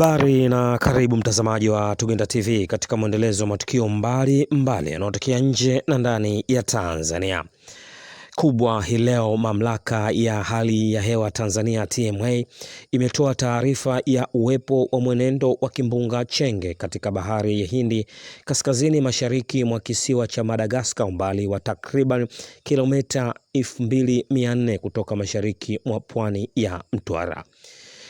Habari na karibu mtazamaji wa Tugenda TV katika mwendelezo wa matukio mbali mbali yanayotokea nje na ndani ya Tanzania. Kubwa hii leo, mamlaka ya hali ya hewa Tanzania TMA imetoa taarifa ya uwepo wa mwenendo wa kimbunga Chenge katika bahari ya Hindi kaskazini mashariki mwa kisiwa cha Madagaskar, umbali wa takriban kilomita 2400 kutoka mashariki mwa pwani ya Mtwara.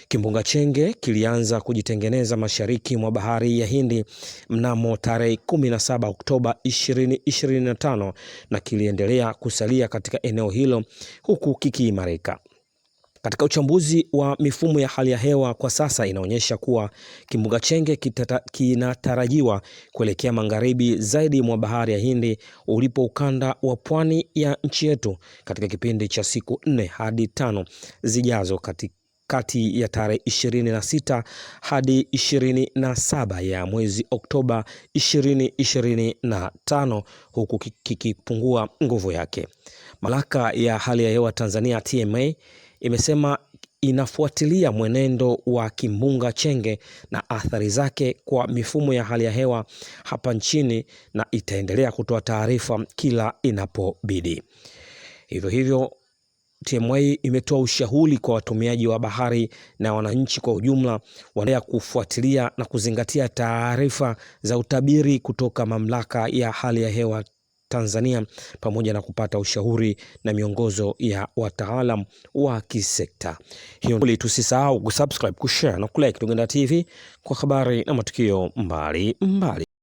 Kimbunga Chenge kilianza kujitengeneza mashariki mwa bahari ya Hindi mnamo tarehe 17 Oktoba 2025 na kiliendelea kusalia katika eneo hilo huku kikiimarika. Katika uchambuzi wa mifumo ya hali ya hewa kwa sasa inaonyesha kuwa kimbunga Chenge kinatarajiwa kuelekea magharibi zaidi mwa bahari ya Hindi ulipo ukanda wa pwani ya nchi yetu katika kipindi cha siku nne hadi tano zijazo, kati ya tarehe 26 hadi 27 ya mwezi Oktoba 2025 huku kikipungua nguvu yake. Mamlaka ya hali ya hewa Tanzania TMA imesema inafuatilia mwenendo wa kimbunga Chenge na athari zake kwa mifumo ya hali ya hewa hapa nchini na itaendelea kutoa taarifa kila inapobidi. Hivyo hivyo TMA imetoa ushauri kwa watumiaji wa bahari na wananchi kwa ujumla wanaya kufuatilia na kuzingatia taarifa za utabiri kutoka Mamlaka ya Hali ya Hewa Tanzania pamoja na kupata ushauri na miongozo ya wataalam wa kisekta. Hiyo ndio tusisahau kusubscribe, kushare na kulike Tungenda TV kwa habari na matukio mbali mbali.